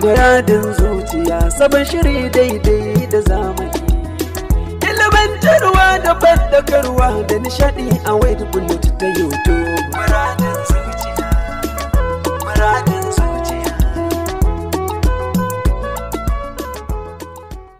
Muradin zuciya sabon shiri daidai da zamani. Ilimantarwa da bandakarwa da nishadi a wayar bullet ta YouTube.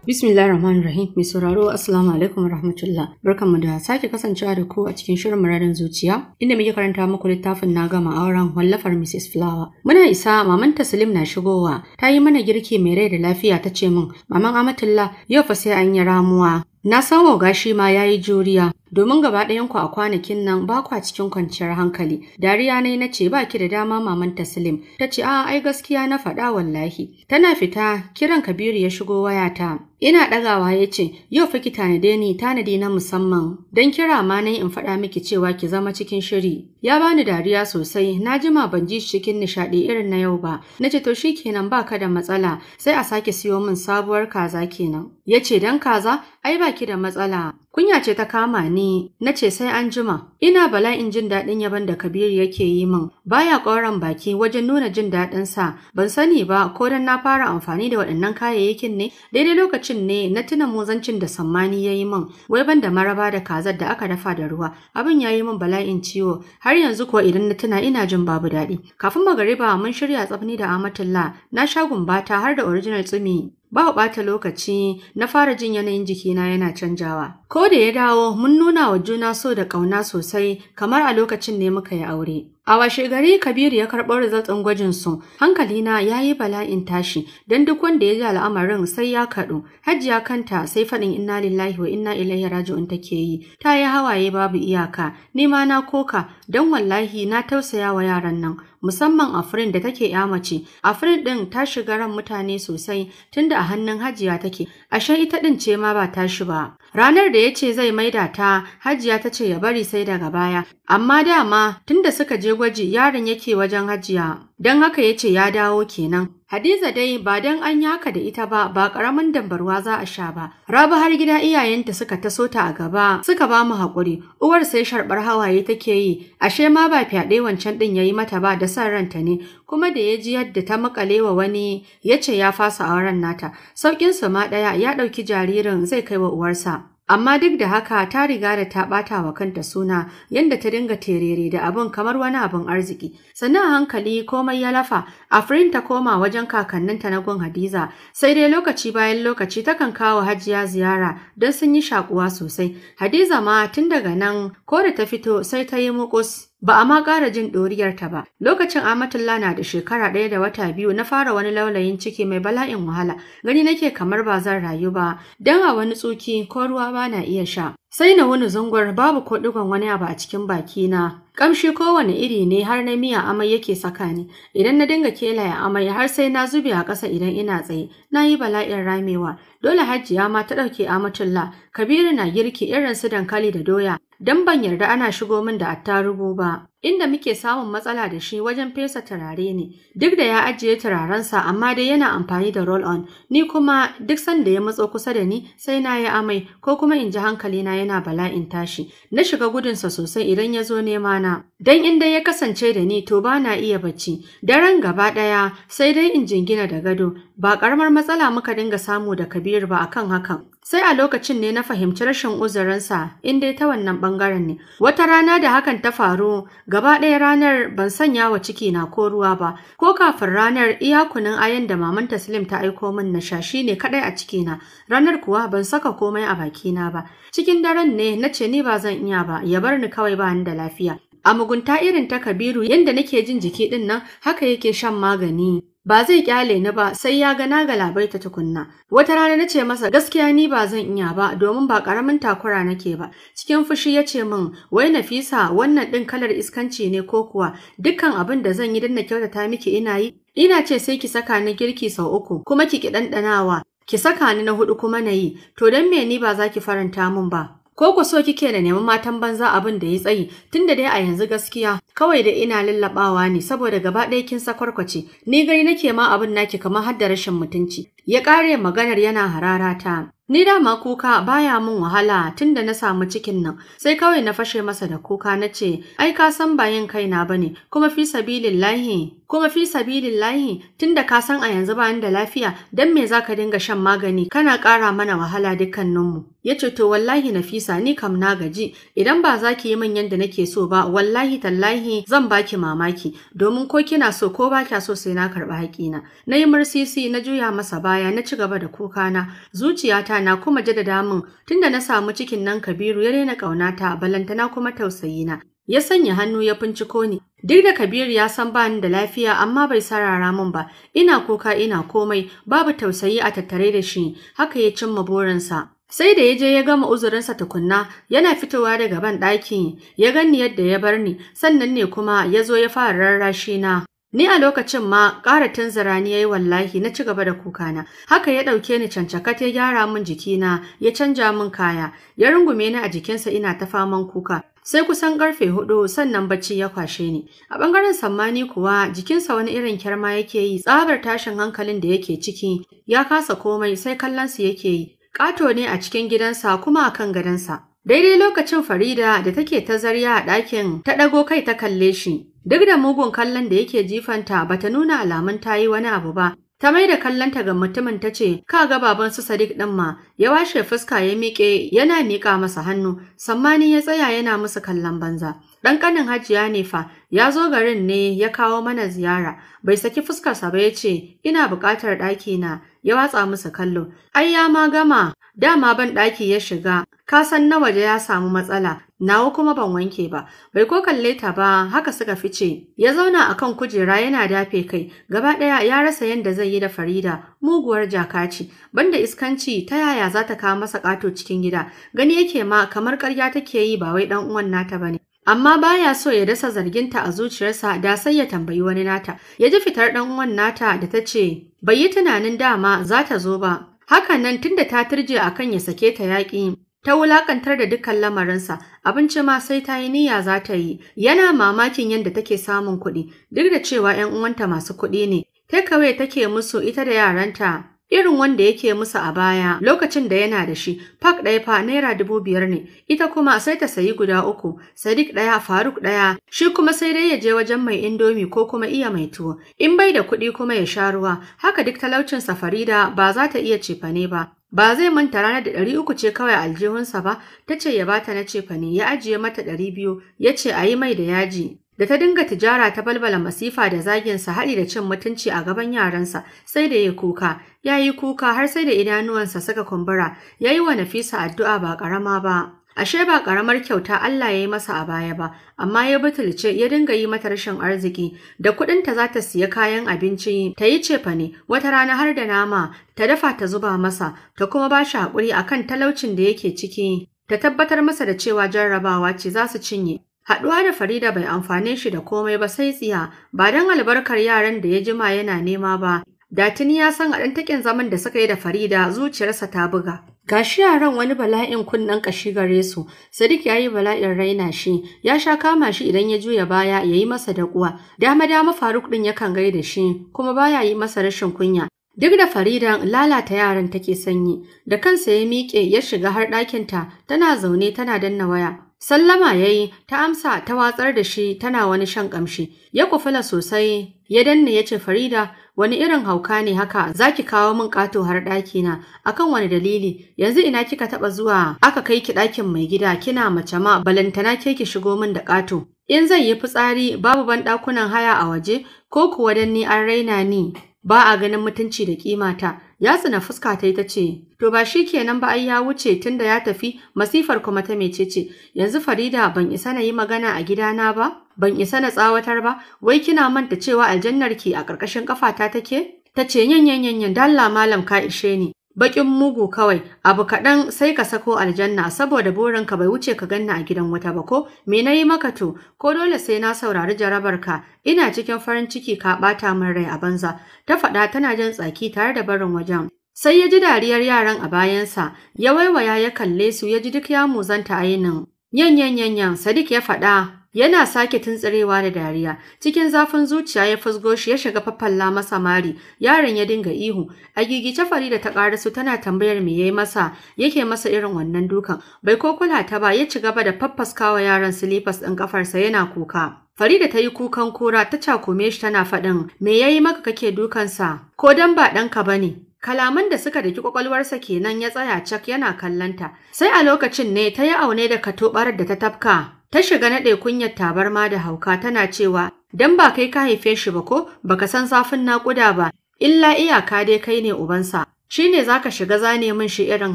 bismillah rahman rahim, Mai sauraro Assalamu alaikum rahmatullah. Barkanmu da sake kasancewa da ku a cikin shirin muradin zuciya inda muke karanta muku littafin na gama auren wallafar Mrs. Flower. Muna isa maman Taslim na shigowa. Ta yi mana girki mai rai da lafiya ta ce min, "Maman Amatullah, yau fa sai an yi ramuwa." Na san oga shi ma ya yi juriya, domin gaba ɗayanku a kwanakin nan ba kwa cikin kwanciyar hankali. Dariya ne na ce ba ki da dama maman Taslim, ta ce a ai gaskiya na faɗa wallahi. Tana fita kiran Kabiru ya shigo wayata. Ina ɗagawa ya ce, yau fa ki tanade ni tanadi na musamman, don kira ma na in faɗa miki cewa ki zama cikin shiri. Ya bani dariya sosai, na jima ban ji cikin nishaɗi irin na yau ba. Na ce to shi kenan ba da matsala, sai a sake siyo min sabuwar kaza kenan. yace dan kaza, ai baki da matsala. Kunya ce ta kama ni, na ce sai an jima. Ina bala'in jin daɗin yaban da Kabiru yake yi min, baya ƙoran baki wajen nuna jin daɗin sa. Ban sani ba ko dan na fara amfani da waɗannan kayayyakin ne, daidai lokacin ne na tuna muzancin da sammani ya yi min, wai ban da maraba da kazar da aka dafa da ruwa. Abin ya yi min bala'in ciwo, har yanzu ko idan na tuna ina jin babu daɗi. Kafin magariba mun shirya tsafni da Amatullah, na sha gumbata har da original tsumi Ba ɓata lokaci na fara jin yanayin jikina yana canjawa. Ko da ya dawo mun nuna wa juna so da ƙauna sosai kamar a lokacin ne muka yi aure. A washe gari Kabiru ya karɓo result ɗin gwajin su. Hankali na ya yi bala'in tashi don duk wanda ya ji al'amarin sai ya kaɗu. Hajiya kanta sai faɗin inna lillahi wa inna ilaihi raji'un take yi. Ta yi hawaye babu iyaka. Ni ma na koka don wallahi na tausaya wa yaran nan. musamman a Afrin da take ya mace. a Afrin din ta shiga ran mutane sosai tunda a hannun Hajiya take. Ashe ita din ce ma ba shi ba. Ranar da ya ce zai maida ta, Hajiya ta ce ya bari sai daga baya. Amma dama tunda suka je gwaji yaron yake wajen hajiya, don haka ya ce ya dawo kenan. Hadiza dai ba don an yaka da ita ba, ba ƙaramin dambarwa za a sha ba. Raba har gida iyayenta suka taso ta a gaba, suka ba mu haƙuri, uwar sai sharɓar hawaye take yi, ashe ma ba fyaɗe wancan ɗin ya yi mata ba da son ranta ne, kuma da ya ji yadda ta maƙale wa wani ya ce ya fasa auren nata. su ma ɗaya ya ɗauki jaririn zai kai wa uwarsa. Amma duk da haka ta riga da ta ɓata wa kanta suna yadda ta dinga terere da abin kamar wani abin arziki. Sannan a hankali komai ya lafa, Afrin ta koma wajen kakanninta na gun Hadiza, sai dai lokaci bayan lokaci ta kan kawo hajiya ziyara don sun yi shakuwa sosai. Hadiza ma tun daga nan ko da ta fito sai ta yi mukus Ba a ma ƙara jin ɗoriyarta ba. Lokacin Amatullah na da shekara ɗaya da wata biyu na fara wani laulayin ciki mai bala'in wahala. Gani nake kamar ba zan rayu ba, don a wani tsuki, ko ruwa ba na iya sha. Sai na wani zungur babu ko ɗigon wani abu a cikin baki bakina. Kamshi kowane iri ne har na miya amai yake saka ni. Idan na dinga kelaya amai har sai na zube a ƙasa idan ina tsaye. Na yi bala'in ramewa. Dole Hajjiya ma ta ɗauke Amatullah. Kabiru na girki irin su dankali da doya. don ban yarda ana shigo min da attarugu ba. Inda muke samun matsala da shi wajen fesa turare ne, duk da ya ajiye turarensa amma dai yana amfani da roll-on, ni kuma duk sanda ya matso kusa da ni sai na yi amai ko kuma in ji hankali na yana bala'in tashi, na shiga gudunsa sosai idan ya zo nema na. Dan inda ya kasance da ni to ba na iya bacci, daren gaba ɗaya sai dai in jingina da gado, ba ƙaramar matsala muka dinga samu da Kabir ba akan hakan. Sai a lokacin ne na fahimci rashin uzurinsa in dai ta wannan bangaren ne. Wata rana da hakan ta faru Gaba ɗaya ranar ban sanya wa ciki na ko ruwa ba, ko kafin ranar iyakunan ayan da maman Taslim ta aiko min na sha shine ne kaɗai a ciki na, ranar kuwa ban saka komai a baki na ba. Cikin daren ne na ce ni ba zan iya ba, ya bar ni kawai ba ni da lafiya. A mugunta irin ta Kabiru yadda nake jin jiki ɗin nan haka yake shan magani. ba zai kyale ni ba sai ya ga na galabaita tukunna wata rana na ce masa gaskiya ni ba zan iya ba domin ba karamin takura nake ba cikin fushi ya ce min wai nafisa wannan din kalar iskanci ne ko kuwa dukkan abin da zan yi don na kyautata miki ina yi ina ce sai ki saka ni girki sau uku kuma ki ki ɗanɗanawa ki saka ni na hudu kuma na yi to don me ni ba za ki faranta min ba ko ku so kike da neman matan banza abin da ya tsayi tunda dai a yanzu gaskiya kawai da ina lallabawa ne saboda gaba ɗaya kin sakwarkwace ni gari nake ma abin naki kamar hadda rashin mutunci ya ƙare maganar yana hararata Ni dama kuka baya mun wahala tunda na samu cikin nan, sai kawai na fashe masa da kuka na ce, "Ai, ka san bayan kaina ba ne, kuma fi sabilillahi kuma fi lahi, tunda ka san a yanzu ba da lafiya don me za ka dinga shan magani kana kara mana wahala dukkaninmu ce to wallahi nafisa ni kam na gaji idan ba za ki yi min yadda nake so ba wallahi tallahi zan baki mamaki domin ko kina so ko ba kya so sai na karɓi haƙina na yi mursisi na juya masa baya na ci gaba da kukana zuciyata na kuma jaddada min tunda na samu cikin nan kabiru ya daina ƙaunata balantana kuma tausayina ya sanya hannu ya finciko ni duk da Kabiru ya san ba ni da lafiya amma bai sarara min ba ina kuka ina komai babu tausayi a tattare da shi haka ya cimma burinsa sai da ya je ya gama uzurinsa tukunna yana fitowa daga ban ɗaki ya ganni yadda ya bar ni sannan ne kuma ya zo ya fara rarrashi na Ni a lokacin ma ƙara tunzura ni yayi wallahi na ci gaba da kukana. Haka ya ɗauke ni cancakat ya gyara min jikina, ya canja min kaya, ya rungume ni a jikinsa ina ta faman kuka. sai kusan karfe hudu sannan bacci ya kwashe ni a bangaren sammani kuwa jikinsa wani irin kyarma yake yi tsabar tashin hankalin da yake ciki ya kasa komai sai kallonsu yake yi ƙato ne a cikin gidansa kuma a kan gadonsa daidai lokacin farida da take ta zarya a ɗakin ta ɗago kai ta kalle shi duk da mugun kallon da yake jifanta bata nuna alamun ta yi wani abu ba Ta mai da kallonta ga mutumin ta ce, Ka ga baban su Sadiq ɗin ma, ya washe fuska ya miƙe yana miƙa masa hannu, sammani ya tsaya yana musu kallon banza. Ɗan ƙanin hajiya ne fa, ya zo garin ne ya kawo mana ziyara, bai saki fuskarsa ba ya ce, Ina buƙatar ɗaki na, ya watsa musu kallo. Ai ya ma gama, dama ban ɗaki ya shiga, ka san na waje ya samu matsala, Nawa kuma ban wanke ba, bai ko kalle ta ba haka suka fice. Ya zauna a kan kujera yana dafe kai, gaba ɗaya ya rasa yadda zai yi da Farida, muguwar jakaci banda iskanci ta yaya za ta kawo masa ƙato cikin gida, gani yake ma kamar ƙarya take yi ba wai ɗan uwan nata ba ne. amma baya so ya dasa zarginta a zuciyarsa da sai ya tambayi wani nata ya ji fitar dan uwan nata da ta ce bai yi tunanin dama za ta zo ba hakan nan tunda ta turje akan ya sake ta yaƙi ta wulakantar da dukkan lamarinsa abinci ma sai ta yi niyya za ta yi yana mamakin yadda take samun kuɗi duk da cewa 'yan uwanta masu kuɗi ne kawai take musu ita da yaranta irin wanda yake musu a baya lokacin da yana da shi pak ɗaya fa naira dubu biyar ne ita kuma sai ta sayi guda uku sadiq ɗaya faruk ɗaya shi kuma sai dai ya je wajen mai indomi ko kuma iya mai tuwo in bai da kuɗi kuma ya sha ruwa haka duk talaucin safarida ba za ta iya cefane ba Ba zai manta ranar da ɗari uku ce kawai aljihunsa ba, ta ce ya bata na cefa ne, ya ajiye mata ɗari biyu, ya ce a yi mai da yaji. Da ta dinga tijara ta balbala masifa da zaginsa haɗi da cin mutunci a gaban yaransa, sai da ya kuka, ya yi kuka har sai da idanuwansa suka kumbura, ya yi wa Nafisa addu'a ba ƙarama ba. ashe ba ƙaramar kyauta Allah ya yi masa a baya ba amma ya butulce ya dinga yi mata rashin arziki da kuɗinta za ta siya kayan abinci ta yi cefane wata rana har da nama ta dafa ta zuba masa ta kuma ba shi haƙuri a kan talaucin da yake ciki ta tabbatar masa da cewa jarrabawa ce za su cinye Haɗuwa da Farida bai amfane shi da komai ba sai tsiya, ba don albarkar yaran da ya jima yana nema ba, da tuni ya san a ɗan taƙin zaman da suka yi da Farida zuciyarsa ta buga. Gashi yaran wani bala'in kunnen kashi gare su, Sadiq ya yi bala'in raina shi, ya sha kama shi idan ya juya baya ya yi masa da kuwa. Dama dama Faruk ɗin yakan gaida shi, kuma baya yi masa rashin kunya. Duk da Faridan lalata yaran take sanyi, da kansa ya miƙe ya shiga har ɗakinta, tana zaune tana danna waya. Sallama ya yi, ta amsa ta watsar da shi tana wani shan ƙamshi. Ya kufula sosai, ya danne ya ce Farida, wani irin hauka ne haka zaki kawo min ƙato har ɗaki na akan wani dalili yanzu ina kika taɓa zuwa aka kai ki ɗakin mai gida kina mace ma balantana ke ki shigo min da ƙato in zai yi fitsari babu ban ɗakunan haya a waje ko kuwa dan ni an raina ni ba a ganin mutunci da ƙimata Ya tsina fuska ta yi ta ce, To ba shi kenan ba ai ya wuce tunda ya tafi masifar kuma ta mecece, yanzu Farida ban isa na yi magana a gidana ba, ban isa na tsawatar ba, wai kina manta cewa aljannar ki a ƙarƙashin ƙafata take? Ta ce yanyan yanyan dalla malam ka ishe ni, Baƙin mugu kawai, abu kaɗan sai ka sako aljanna saboda burinka bai wuce ka ganna a gidan wata ba ko me na yi maka to, ko dole sai na saurari jarabarka, ina cikin farin ciki ka ɓata min rai a banza, ta faɗa tana jin tsaki tare da barin wajen. Sai ya ji dariyar yaran a bayansa, ya waiwaya ya kalle su ya ji duk ya muzanta ainin. Yan yan Sadiq ya faɗa Yana sake tuntsirewa da dariya, cikin zafin zuciya ya fusgo shi ya shiga faffalla masa mari, yaron ya dinga ihu, a gigice Farida ta karasu tana tambayar me yayi masa, yake masa irin wannan dukan, bai ko kula ta ba ya ci gaba da faffaskawa yaron silifas ɗin kafarsa yana kuka. Farida ta yi kukan kura ta cakume shi tana faɗin, me yayi maka kake dukansa, ko dan ba ɗanka ba ne. Kalaman da suka daki kwakwalwarsa kenan ya tsaya cak yana kallanta, sai a lokacin ne ta yi aune da katobar da ta tafka, Ta shiga naɗe kunyar tabarma da hauka tana cewa, "Dan ba kai ka haife shi ba ko, baka san zafin naƙuda ba, illa iyaka dai kai ne ubansa, shi ne za ka shiga zane min shi irin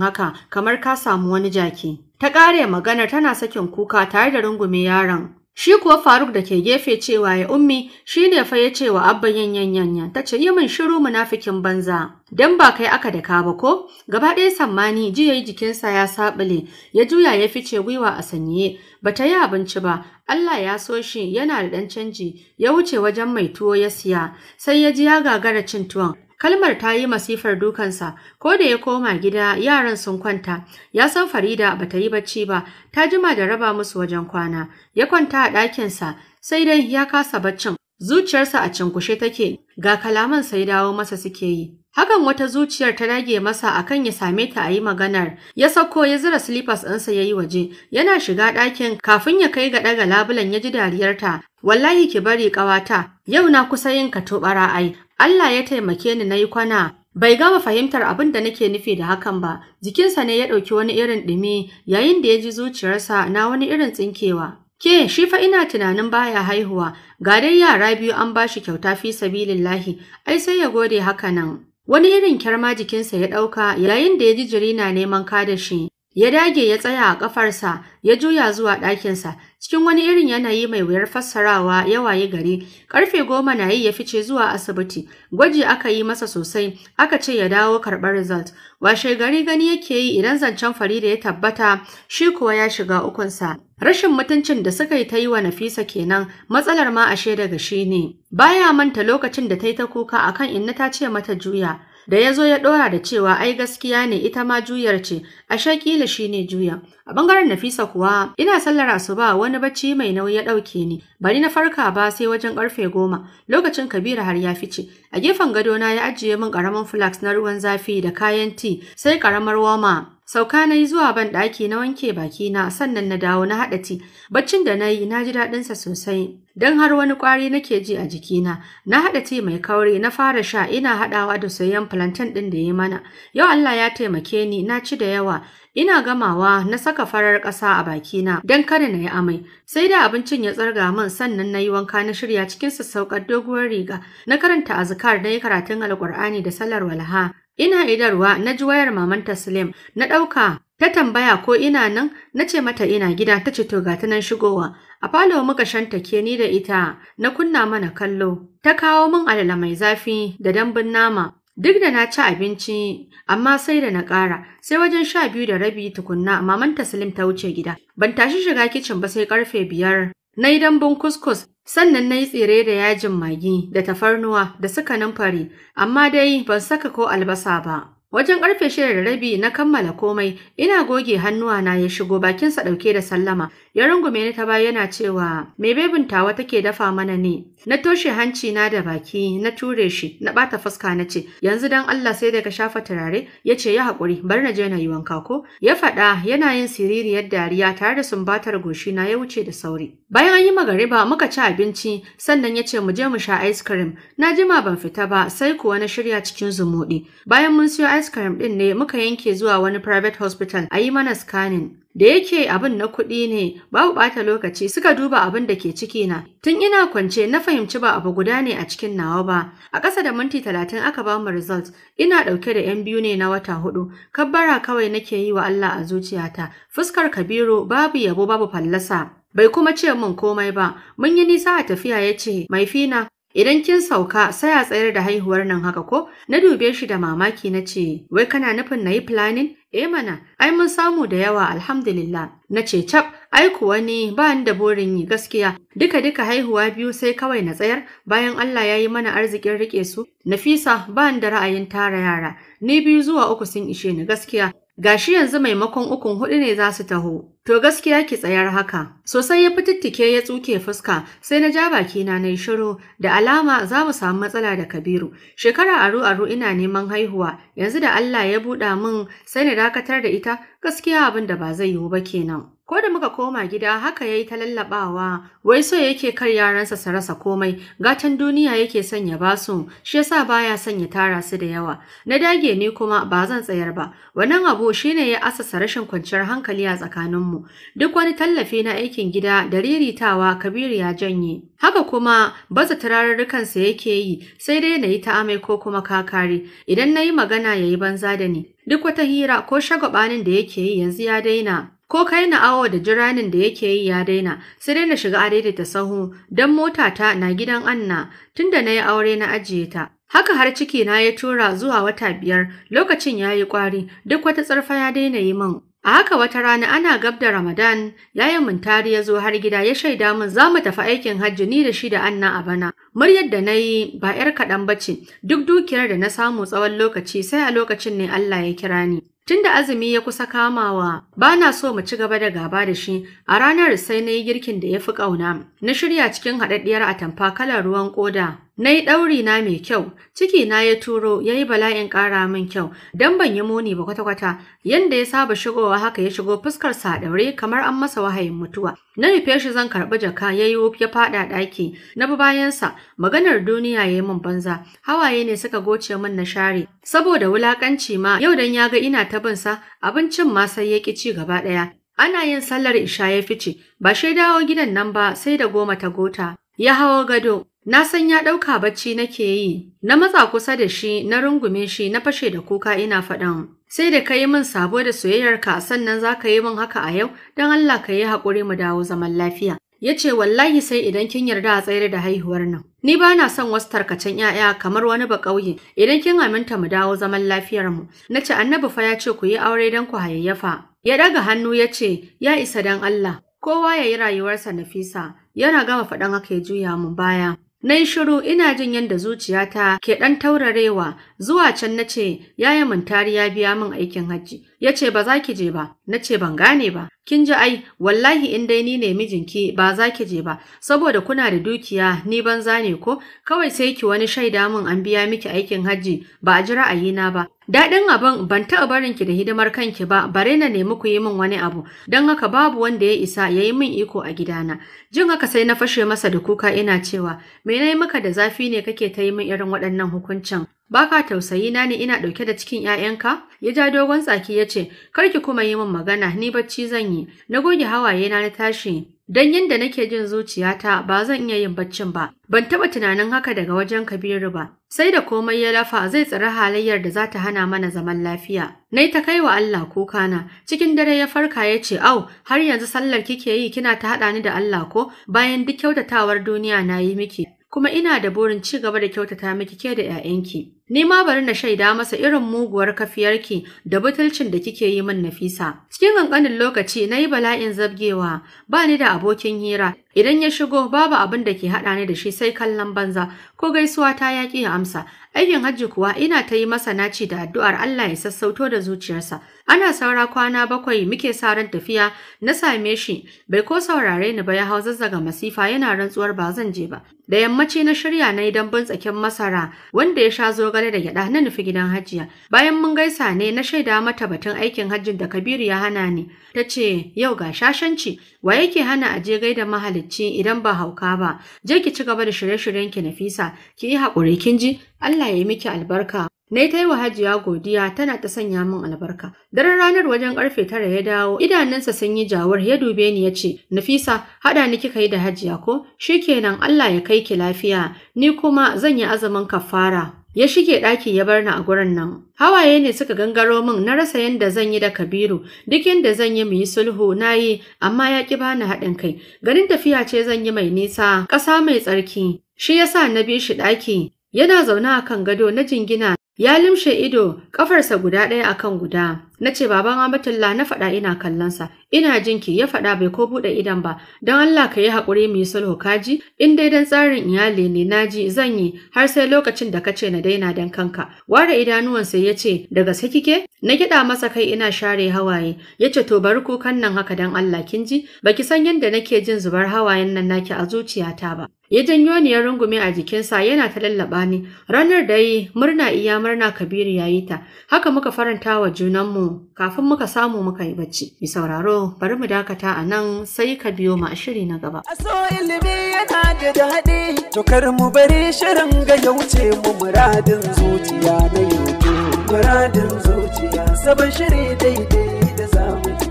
haka kamar ka samu wani jaki." Ta ƙare maganar tana sakin kuka tare da rungume yaron. Shi kuwa Faruk da ke gefe cewa ya ummi shi ne fa ya ce wa abba yanyan yanyan. ta ce yi min shiru munafikin banza. Dan ba kai aka da ka ba ko? Gaba ɗaya sammani ji yayi jikinsa ya saɓule ya juya ya fice gwiwa a sanye ba ta yi abinci ba Allah ya so shi yana da ɗan canji ya wuce wajen mai tuwo ya siya sai ya ji ya gagara cin tuwon Kalmar ta yi masifar dukansa, ko da ya koma gida yaran sun kwanta, ya san Farida ba ta yi bacci ba, ta jima da raba musu wajen kwana, ya kwanta a ɗakinsa, sai dai ya kasa baccin. Zuciyarsa a cinkushe take, ga kalaman sai dawo masa suke yi. Hakan wata zuciyar ta rage masa akan ya same ta a yi maganar, ya sauko ya zira slippers ɗinsa ya yi waje, yana shiga ɗakin kafin ya kai ga ɗaga labulan ya ji dariyarta, wallahi ki bari ƙawata, yau na kusa yin ka to ai, Allah ya taimake ni na yi kwana Bai gama fahimtar abin da nake nufi da hakan ba, jikinsa ne ya ɗauki wani irin ɗumi yayin da ya ji zuciyarsa na wani irin tsinkewa. Ke, shi fa ina tunanin baya haihuwa, ga dai yara biyu an ba shi kyauta fi sabilillahi, ai sai ya gode haka nan. Wani irin kyarma jikinsa ya ɗauka yayin da ya ji jiri na neman kada shi. Ya dage ya tsaya a ƙafarsa, ya juya zuwa ɗakinsa, cikin wani irin yanayi mai wuyar fassarawa ya waye gari karfe goma na yi ya fice zuwa asibiti gwaji aka yi masa sosai aka ce ya dawo karɓar result washe gari gani yake yi idan zancen fari da ya tabbata shi kuwa ya shiga ukunsa Rashin mutuncin da suka yi ta yi wa Nafisa kenan matsalar ma ashe daga shi ne. Baya manta lokacin da ta yi ta kuka akan inna ta ce mata juya. da ya zo ya ɗora da cewa ai gaskiya ne ita ma juyar ce a shakila shi ne juya a ɓangaren nafisa kuwa ina sallar asuba wani bacci mai nauyi ya ɗauke ni bari na farka ba sai wajen ƙarfe goma lokacin kabira har ya fice a gefen gadona ya ajiye min ƙaramin flax na ruwan zafi da kayan ti sai ƙaramar woma Sauka na yi zuwa ban ɗaki na wanke bakina sannan na dawo na haɗa ti. Baccin da na yi na ji daɗinsa sosai. don har wani ƙwari nake ji a jikina. Na haɗa ti mai kauri na fara sha ina haɗawa da soyayyen plantain ɗin da ya mana. Yau Allah ya taimake ni na ci da yawa. Ina gamawa na saka farar ƙasa a bakina don kada na yi amai. Sai da abincin ya tsarga min sannan na yi wanka na shirya cikin sassauƙar doguwar riga. Na karanta azkar na yi karatun alƙur'ani da salar walha. Ina idarwa na ji wayar maman Taslim na ɗauka Ta tambaya ko ina nan, na ce mata ina gida ta ce to ga ta nan shigowa. A falo muka shantake ni da ita, na kunna mana kallo. Ta kawo min alala mai zafi da dambun nama. Duk da na ci abinci, amma sai da na ƙara, sai wajen sha biyu da rabi tukunna, maman Taslim ta wuce gida. Ban tashi shiga kicin ba sai karfe biyar. Na yi dambun kuskus, sannan na yi tsire da yajin magi da tafarnuwa da suka numfari, amma dai ban saka ko albasa ba. Wajen ƙarfe shida da rabi na kammala komai, ina goge hannuwa na ya shigo bakinsa ɗauke da sallama. ya rungume ni ta baya yana cewa me bebin tawa take dafa mana ne na toshe hanci na da baki na ture shi na ɓata fuska na ce yanzu dan Allah sai daga shafa turare ya ce ya haƙuri bar na je na yi wanka ko ya faɗa yana yin siririyar dariya tare da sumbatar goshi na ya wuce da sauri bayan an yi magariba muka ci abinci sannan ya ce mu je mu sha ice cream na jima ban fita ba sai kuwa na shirya cikin zumuɗi bayan mun siyo ice cream ɗin ne muka yanke zuwa wani private hospital a yi mana scanning da yake abin na kuɗi ne babu ɓata lokaci suka duba abin da ke ciki na tun ina kwance na fahimci ba abu guda ne a cikin nawa ba a ƙasa da minti talatin aka ba mu result ina ɗauke da yan biyu ne na wata hudu kabbara kawai nake yi wa Allah a zuciyata fuskar kabiru babu yabo babu fallasa bai kuma ce min komai ba mun yi nisa a tafiya ya ce fina. Idan kin sauka sai a tsayar da haihuwar nan haka ko? Na dube shi da mamaki na ce, wai kana nufin na yi planning? E mana, ai mun samu da yawa alhamdulillah. Na ce cap, ai kuwa ne ba ni da burin yi gaskiya. Duka duka haihuwa biyu sai kawai na tsayar bayan Allah ya yi mana arzikin rike su. Nafisa ba ni da ra'ayin tara yara. Ni biyu zuwa uku sun ishe ni gaskiya. gashi yanzu maimakon ukun hudu ne za su taho. To gaskiya ki tsayar haka. Sosai ya fitittike ya tsuke fuska, sai na ja baki na yi shiru, da alama za mu samu matsala da Kabiru. Shekara aru aru ina neman haihuwa, yanzu da Allah ya buɗa mun, sai na dakatar da ita, gaskiya abin da ba zai yiwu ba kenan. Ko da muka koma gida haka yayi ta lallabawa, wai so yake kar yaransa su rasa komai, gatan duniya yake son ya basu, shi yasa baya son ya tara su da yawa. Na dage ni kuma ba zan tsayar ba. Wannan abu shine ya asasa rashin kwanciyar hankali a tsakaninmu. Duk wani tallafi na aikin gida da riritawa Kabiru ya janye. Haka kuma baza sa yake yi, sai dai nayi ta amai ko kuma kakari. Idan nayi magana yayi banza da ni. Duk wata hira ko shagabanin da yake yi yanzu ya daina. Ko kai na awa da jiranin da yake yi ya daina, sai dai na shiga a daidaita sahu don motata na gidan Anna tunda na yi aure na ajiye ta. Haka har ciki na ya tura zuwa wata biyar lokacin ya yi ƙwari duk wata tsarfa ya daina yi min. A haka wata rana ana gab da Ramadan, yayin Muntari ya zo har gida ya shaida min za mu tafi aikin hajji ni da shi da Anna a bana. Muryar da na yi ba ‘yar kaɗan ba ce, duk dukiyar da na samu tsawon lokaci sai a lokacin ne Allah ya kira ni. Tunda azumi ya kusa kamawa, ba na so mu ci gaba da gaba da shi, a ranar sai na yi girkin da ya fi ƙauna. Na shirya cikin haɗaɗɗiyar atamfa kalar ruwan ƙoda. Na yi ɗauri na mai kyau, ciki na ya turo ya yi bala'in ƙara min kyau, don ban yi muni ba kwata-kwata, Yadda ya saba shigowa haka ya shigo fuskar sa ɗaure kamar an masa wahayin mutuwa. Na rufe shi zan karɓi jaka ya yi ya faɗa ɗaki, na bi bayansa maganar duniya ya yi min banza, hawaye ne suka goce min na share. Saboda wulaƙanci ma yau dan ya ga ina ta bin sa abincin ma sai ya ƙi ci gaba ɗaya. Ana yin sallar isha ya fice, ba shi dawo gidan nan ba sai da goma ta gota. Ya hawo gado, na san ya ɗauka bacci nake yi, na matsa kusa da shi, na rungume shi, na fashe da kuka ina faɗan. sai da ka yi min sabo da soyayyarka sannan za ka yi min haka a yau don Allah ka yi haƙuri mu dawo zaman lafiya. Ya ce wallahi sai idan kin yarda a tsayar da haihuwar nan. Ni ba na son wasu tarkacen ‘ya'ya kamar wani baƙauye, idan kin aminta mu dawo zaman lafiyarmu. Na ce annabi fa ya ce ku yi aure don ku hayayyafa. Ya ɗaga hannu ya ce ya isa don Allah. Kowa ya yi rayuwarsa nafisa, yana gama faɗan haka ya juya mu baya. Na yi shiru ina jin yadda zuciyata ke ɗan taurarewa zuwa can na ce yaya mantari ya biya min aikin hajji. Ya ce ba za ki je ba, na ce ban gane ba. Kin ji ai, wallahi in dai ni ne mijinki ba za ki je ba, saboda kuna da dukiya ni ban zane ko, kawai sai ki wani shaida min an biya miki aikin hajji ba a ji ra'ayina ba. Daɗin abin ban taɓa barin ki da hidimar kanki ba bare na nemi ku yi min wani abu don haka babu wanda ya isa ya yi min iko a gidana. Jin haka sai na fashe masa da kuka ina cewa me na yi maka da zafi ne kake ta yi min irin waɗannan hukuncin. Baka tausayi na ne ina ɗauke da cikin ‘ya'yanka? Ya ja dogon tsaki ya ce, Kar ki kuma yi min magana, ni bacci zan yi. Na goge hawaye na na tashi Don yadda nake jin zuciyata ba zan iya yin baccin ba, ban taɓa tunanin haka daga wajen Kabiru ba, sai da komai ya lafa zai tsira halayyar da za ta hana mana zaman lafiya. Nai ta kai wa Allah kukana, cikin dare ya farka ya ce, Au, har yanzu sallar kike yi kina ta haɗa ni da Allah ko bayan duk kyautatawar duniya na yi miki, kuma ina da burin ci gaba da kyautata miki ke da ‘ya'yanki. Ni ma bari na shaida masa irin muguwar kafiyarki da butulcin da kike yi min Nafisa. Cikin kankanin lokaci na yi bala'in zabgewa, ba ni da abokin hira. Idan ya shigo babu abin da ke haɗa ni da shi sai kallon banza ko gaisuwa ta yaƙi ya amsa. Aikin hajji kuwa ina ta yi masa naci da addu'ar Allah ya sassauto da zuciyarsa. Ana saura kwana bakwai muke sa ran tafiya na same shi bai ko saurare ni ba ya hau zazzaga masifa yana rantsuwar ba zan je ba. Da yammaci na shirya na yi dambun tsakin masara wanda ya sha zo dogare da gyada, na nufi gidan hajiya. Bayan mun gaisa ne na shaida mata batun aikin hajjin da Kabiru ya hana ni. Ta ce yau ga shashanci wa yake hana a je gaida mahalicci idan ba hauka ba. Je ki ci gaba da shirye-shiryen ki Nafisa ki yi haƙuri kin ji Allah ya yi miki albarka. Na yi ta yi wa hajiya godiya tana ta sanya min albarka. Daren ranar wajen karfe tara ya dawo, idanunsa sun yi jawar ya dube ni ya ce, Nafisa, haɗa ni kika yi da hajiya ko? Shikenan Allah ya kai ki lafiya, ni kuma zan yi azumin kafara. ya shige ɗaki ya bar a gurin nan. Hawaye ne suka gangaro min na rasa yadda zan yi da Kabiru, duk yadda zan yi mu yi sulhu na yi, amma ya ƙi bani haɗin kai. Garin tafiya ce zan yi mai nisa, ƙasa mai tsarki. Shi yasa na bi shi ɗaki, yana zaune a kan gado na jingina Ya limshe ido, ƙafarsa guda ɗaya akan guda. Na ce baban Abatullah na faɗa ina kallonsa. Ina jinki ya faɗa bai ko buɗe idan ba. Don Allah ka yi haƙuri mu yi sulhu kaji. In dai dan tsarin iyali ne naji zan yi har sai lokacin da ka ce na daina dan kanka. Ware idanuwan ya ce da gaske kike? Na kiɗa masa kai ina share hawaye. Yace to bari kukan nan haka dan Allah kin ji? Baki san yadda nake jin zubar hawayen nan naki a zuciyata ba. ya janyo ni ya rungume a jikinsa yana ta lallaba ni ranar da yi murna iya murna kabiru yayi ta haka muka faranta wa junanmu kafin muka samu muka yi bacci mi sauraro bari mu dakata a nan sai ka biyo mu a shiri na gaba aso ilimi yana da daɗi to kar mu bari shirin ga ya wuce mu muradin zuciya na yanzu muradin zuciya sabon shiri daidai da zamani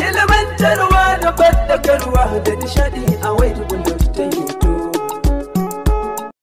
ilimantarwa da fadakarwa da nishaɗi a wai